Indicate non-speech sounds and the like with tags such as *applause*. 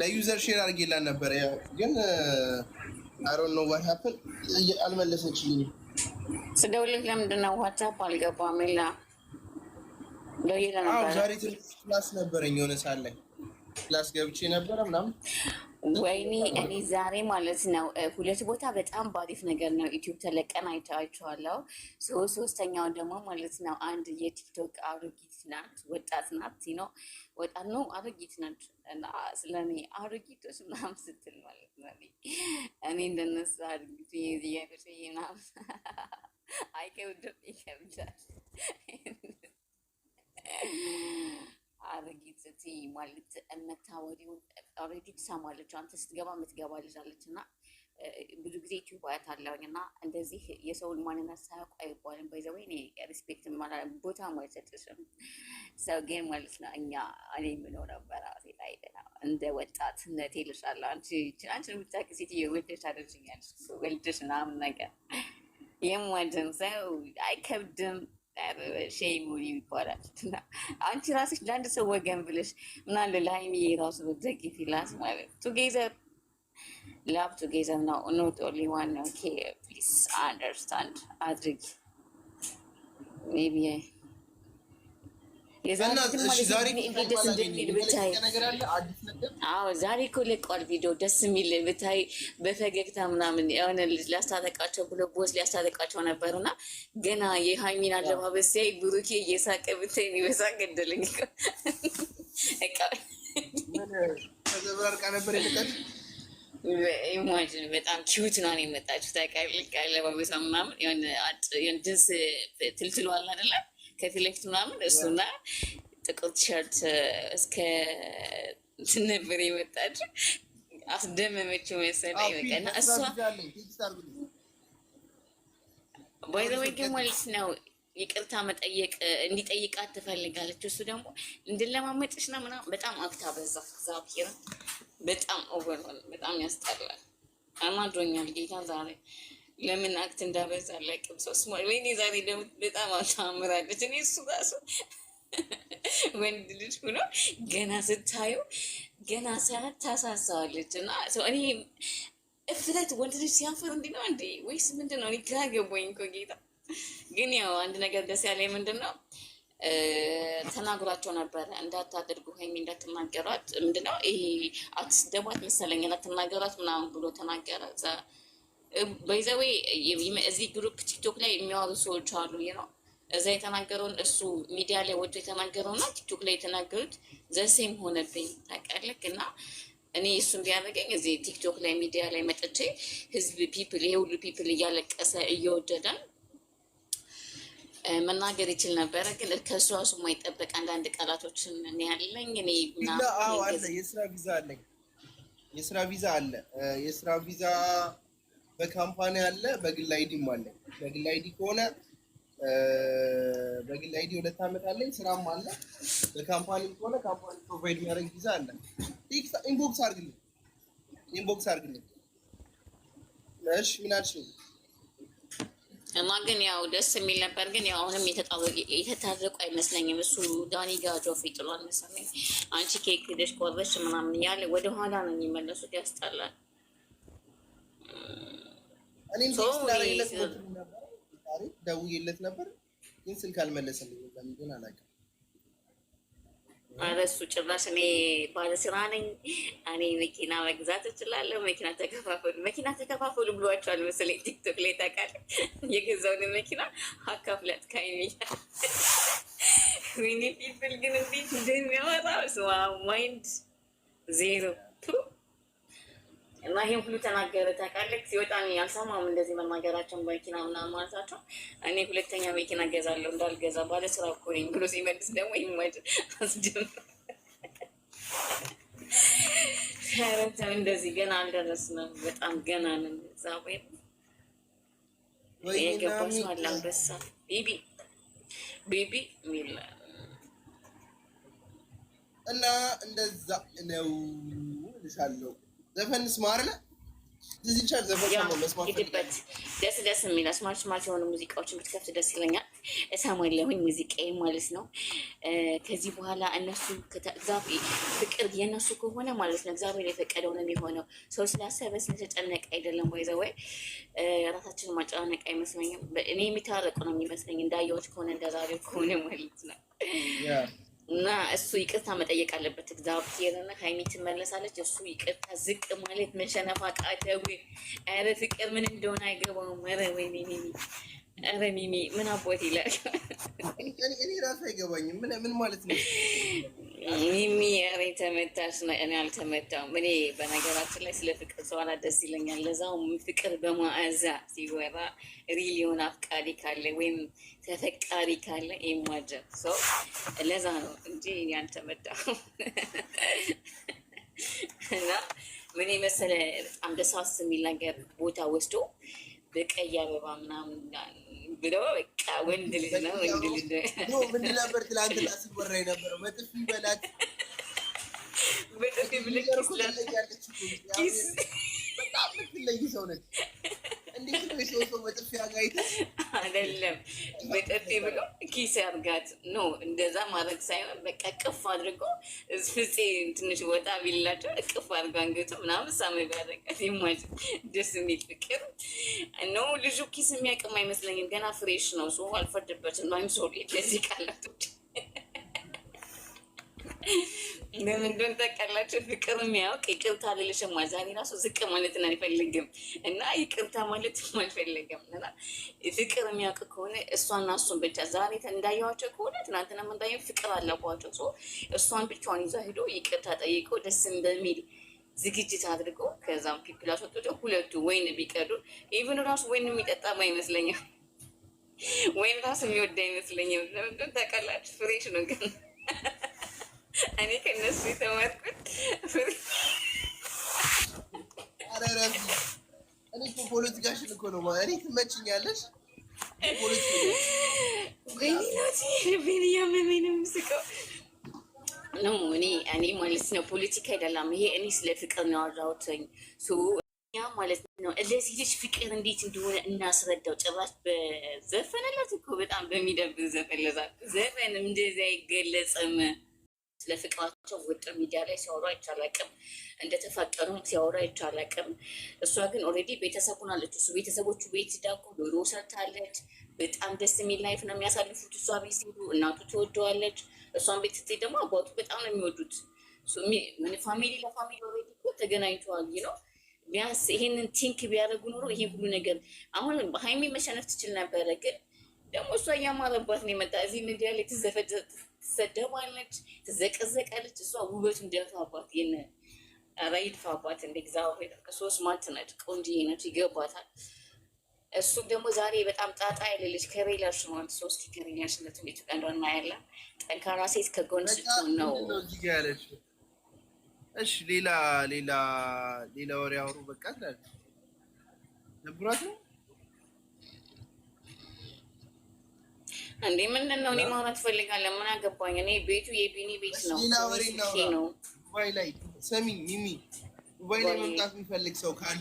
ለዩዘር ሼር አድርጌላን ነበረ ግን አሮን ነው ስደውልልህ ለምንድን ነው ዋትሳፕ አልገባም? ዛሬ ትንሽ ክላስ ነበረኝ የሆነ ክላስ ገብቼ ነበረ ምናምን። ወይኔ እኔ ዛሬ ማለት ነው ሁለት ቦታ በጣም ባሪፍ ነገር ነው ዩቲዩብ ተለቀን አይቼዋለሁ። ሶስተኛው ደግሞ ማለት ነው አንድ የቲክቶክ አሮጊት ናት፣ ወጣት ናት ነው ወጣት ነው አሮጊት ናት። ስለኔ አሮጊቶች ምናምን ስትል ማለት ነው እኔ እንደነሱ አሮጊት ዚያገር ምናምን አይከብድም፣ ይከብዳል አረጊት እትዬ ማለት የምታወሪውን ኦልሬዲ ትሰማለች። አንተ ስትገባ የምትገባ ልጅ አለች እና ብዙ ጊዜ ባያት አያታለሁኝ እና እንደዚህ የሰውን ማንነት ሳያውቁ አይባልም። በዘወይ ወይ እኔ ሪስፔክት ቦታ አይሰጥሽም። ሰው ግን ማለት ነው እኛ እኔ የምኖረው በራሴ ላይ እንደ ወጣትነት ይልሻለሁ። አንቺ አንቺን የምታውቂ ሴትዮ የወልደሽ አደርሽኛለሽ ወልደሽ ምናምን ነገር የምወድም ሰው አይከብድም ሸይሙኒ ይባላል። አንቺ ራስሽ ለአንድ ሰው ወገን ብለሽ ምናለ ለሀይሚዬ ራሱ ዘጊ ፊላስ ማለት ቱጌዘር ላብ ቱጌዘር ነው። ኖት ኦንሊ ዋን ነው። ፕሊስ አንደርስታንድ አድርጊ ሜቢ ዛሬ እኮ ለቋል ቪዲዮ ደስ የሚል ብታይ፣ በፈገግታ ምናምን የሆነ ሊያስታጠቃቸው ብሎ ቦስ ሊያስታጠቃቸው ነበር እና ገና የሃይሚን አለባበስ ሲያይ ብሩኬ እየሳቀ ብታይ የሚበሳ ገደለኝ። ኢማጂን በጣም ኪዩት ነው የመጣችሁ ታውቃለህ። አለባበሷ ምናምን ድንስ ትልትሏል አይደለም ከፊት ለፊት ምናምን እሱና ጥቁር ቲሸርት እስከ ትነብር የመጣችው። አስደመመችው መሰለኝ። በቃ እና እሷ ባይዘወይ ግን ልት ነው ይቅርታ መጠየቅ እንዲጠይቃት ትፈልጋለች። እሱ ደግሞ እንድለማመጥሽ ነው ምናምን በጣም አግታ በዛ ዛኪራ በጣም ኦቨርሆን በጣም ያስጠላል። አናዶኛል ጌታ ዛሬ ለምን አክት እንዳበዛ አላውቅም። ሶስት ሞ ወይኔ ዛሬ በጣም አታምራለች። እኔ እሱ ራሱ ወንድ ልጅ ሆኖ ገና ስታዩ ገና ሳያት ታሳሳዋለች። እና እኔ እፍረት ወንድ ልጅ ሲያንፈር እንዲ ነው እንዴ ወይስ ምንድን ነው? እኔ ግራ ገቦኝ እኮ ጌታ። ግን ያው አንድ ነገር ደስ ያለ ምንድን ነው ተናግሯቸው ነበረ እንዳታደርጉ ሀይሚ እንዳትናገሯት፣ ምንድነው ይሄ አትስደቧት መሰለኝ እንዳትናገሯት ምናምን ብሎ ተናገረ። በይዘዌ እዚህ ግሩፕ ቲክቶክ ላይ የሚያወሩ ሰዎች አሉ ነው እዛ የተናገረውን እሱ ሚዲያ ላይ ወጥቶ የተናገረው እና ቲክቶክ ላይ የተናገሩት ዘሴም ሆነብኝ ታውቃለህ። እና እኔ እሱን ቢያደርገኝ እዚህ ቲክቶክ ላይ ሚዲያ ላይ መጥቼ ህዝብ ፒፕል ይሄ ሁሉ ፒፕል እያለቀሰ እየወደደን መናገር ይችል ነበረ። ግን ከእሱ ራሱ የማይጠበቅ አንዳንድ ቃላቶችን ያለኝ እኔ የስራ ቪዛ አለኝ የስራ ቪዛ አለ የስራ ቪዛ በካምፓኒ አለ፣ በግል አይዲም አለ። በግል አይዲ ከሆነ በግል አይዲ ሁለት ዓመት አለኝ፣ ስራም አለ። በካምፓኒ ከሆነ ካምፓኒ ፕሮቫይድ የሚያደርግ ጊዜ አለ። ኢንቦክስ አርግልኝ፣ ኢንቦክስ አርግልኝ። እሺ ምን አልሽ? እና ግን ያው ደስ የሚል ነበር። ግን ያው አሁንም የተታረቁ አይመስለኝም። እሱ ዳኒ ጋር ጆፌ ጥሏል መሰለኝ። አንቺ ኬክ ሄደሽ ቆረሽ ምናምን እያለ ወደኋላ ነው የሚመለሱት። ያስጠላል። እኔም ደውዬለት ነበር ግን ስልክ አልመለሰልኝም። ለምን ግን አላውቅም። እሱ ጭራሽ እኔ ባለስራ ነኝ፣ እኔ መኪና መግዛት እችላለሁ፣ መኪና ተከፋፈሉ፣ መኪና ተከፋፈሉ ብሏቸዋል መሰለኝ ቲክቶክ ላይ ታውቃለህ። የገዛውን መኪና አካፍላት ካይሚ ዊኒ ፒፕል ግን እንዴት እንደሚያወጣ ማይንድ ዜሮ እና ይሄን ሁሉ ተናገረ ታውቃለህ። ሲወጣ ያልሰማም እንደዚህ መናገራቸውን መኪና ምናምን ማለታቸው። እኔ ሁለተኛ መኪና ገዛለሁ እንዳልገዛ ባለ ስራ እኮ ነኝ ብሎ ሲመልስ ደግሞ ይመድ አስደም ረተው እንደዚህ ገና አልደረስንም። በጣም ገና ነን። እዛ ወይ የገባ ሰው አለ አንበሳ ቤቢ ሚል እና እንደዛ ነው ልሻለሁ ዘፈን ስማ አይደለ? እዚህ ደስ ደስ የሚል ስማርት ስማርት የሆኑ ሙዚቃዎችን ብትከፍት ደስ ይለኛል። እሰማለሁኝ ሙዚቃ ማለት ነው። ከዚህ በኋላ እነሱ ፍቅር የነሱ ከሆነ ማለት ነው እግዚአብሔር የፈቀደው ነው የሚሆነው። ሰው ስላሰበ ስለተጨነቀ አይደለም። ወይዘ ወይ ራሳችንን ማጨናነቅ አይመስለኝም። እኔ የሚታረቁ ነው የሚመስለኝ እንዳየዎች ከሆነ እንደዛሬው ከሆነ ማለት ነው። እና እሱ ይቅርታ መጠየቅ አለበት። እግዚአብሔርን ሀይሚ ትመለሳለች። እሱ ይቅርታ ዝቅ ማለት መሸነፍ አቃተው። ኧረ ፍቅር ምን እንደሆነ አይገባውም። ኧረ ወይኔ ኧረ ሚሚ ምን አቦት ይላል። እኔ ራሱ አይገባኝም ምን ማለት ነው ሚሚ ተመታሽ ነው። እኔ አልተመታውም። እኔ በነገራችን ላይ ስለ ፍቅር ሰዋላ ደስ ይለኛል። ለዛውም ፍቅር በመዓዛ ሲወራ ሪሊዮን አፍቃሪ ካለ ወይም ተፈቃሪ ካለ ይሟጀር ሰው። ለዛ ነው እንጂ እኔ አልተመታውም። እና ምን መሰለ በጣም ደሳስ የሚል ነገር ቦታ ወስዶ በቀይ አበባ ምናምን ብለው በቃ ወንድ ልጅ ነው ወንድ ልጅ ምን ነበር ትላንትና ሲወራ የነበረው? በጥፊ በላት በጥፊ ብለሽ ኪስ በጣም ልትለይ ሰው ነች። እንዴት ነው የሰው ሰው በጥፊ አጋይታ አይደለም፣ በጥፊ ብሎ ኪስ ያርጋት ነው። እንደዛ ማድረግ ሳይሆን በቃ ቅፍ አድርጎ ፍፄ ትንሽ ወጣ ቢላቸው ቅፍ አድርጎ አንገቱ ምናምን ሳመ ቢያደርጋት የማጅ ደስ የሚል ፍቅር ነው። ልጁ ኪስ የሚያቅም አይመስለኝም። ገና ፍሬሽ ነው። ሰ አልፈርድበትም። አይም ሶሪ ለዚህ ቃላቶች ለምን እንደሆነ ፍቅር የሚያውቅ ይቅርታ ልልሽም ዛሬ ራሱ ዝቅ ማለትን አልፈልግም እና ይቅርታ ማለት *laughs* አልፈልግም እና ፍቅር የሚያውቅ ከሆነ እሷና እሱን ብቻ ዛሬ እንዳየኋቸው ከሆነ ትናንትና እንዳየ ፍቅር አለባቸው። ሰው እሷን ብቻዋን ይዛ ሂዶ ይቅርታ ጠይቀው ደስ በሚል ዝግጅት አድርገው ከዛም ፒፕል አስወጥቶ ሁለቱ ወይን ቢቀዱ ኢቨን ራሱ ወይን የሚጠጣ ይመስለኛል፣ ወይን ራሱ የሚወድ አይመስለኝም። ለምንድን ታውቃላችሁ? ፍሬሽ ነው ግን እኔ ከነሱ የተማርኩት እኔ ፖለቲካሽን እኮ ነው። እኔ ትመችኛለሽ። እኔ ማለት ነው ፖለቲካ አይደለም ይሄ። እኔ ስለ ፍቅር ነው ያወራሁትኝ ማለት ነው። ለዚህ ልጅ ፍቅር እንዴት እንደሆነ እናስረዳው። ጭራሽ በዘፈነላት እኮ በጣም በሚደብር ዘፈን ለዛ ዘፈን እንደዚህ አይገለጽም። ስለ ፍቅራቸው ውጥር ሚዲያ ላይ ሲያወሩ አይቻላቅም። እንደተፋቀሩም ሲያወሩ አይቻላቅም። እሷ ግን ኦልሬዲ ቤተሰብ ሆናለች። እሱ ቤተሰቦቹ ቤት ዳቁ ዶሮ ሰርታለች። በጣም ደስ የሚል ላይፍ ነው የሚያሳልፉት። እሷ ቤት ሲሄዱ እናቱ ትወደዋለች። እሷን ቤት ስትሄድ ደግሞ አባቱ በጣም ነው የሚወዱት። ፋሚሊ ለፋሚሊ ኦልሬዲ ተገናኝተዋል ነው ቢያንስ ይሄንን ቲንክ ቢያደርጉ ኖሮ ይሄ ሁሉ ነገር አሁን ሀይሚ መሸነፍ ትችል ነበረ። ግን ደግሞ እሷ እያማረባት ነው የመጣ እዚህ ሚዲያ ላይ ትዘፈዘፍ ትሰደባለች፣ ትዘቀዘቃለች። እሷ ውበቱ እንደፋባት የነ ኧረ ይድፋባት እንደ እግዚአብሔር ሶስት ማት ነች፣ ቆንጆ ነች፣ ይገባታል። እሱም ደግሞ ዛሬ በጣም ጣጣ የሌለች ከሬላሽ ማለት ሶስት ከሬላሽ ለትንቤቱ ቀንዶ እናያለን። ጠንካራ ሴት ከጎን ስትሆን ነው ያለች። እሺ ሌላ ሌላ ሌላ ወሬ አውሩ በቃ ነብራት ነው እንዴ ምንድን ነው? እኔ ማውራት ፈልጋለሁ። ምን አገባኝ? እኔ ቤቱ የቢኒ ቤት ነው ነው። ዱባይ ላይ ሰሚ ሚሚ ዱባይ ላይ መምጣት የሚፈልግ ሰው ካለ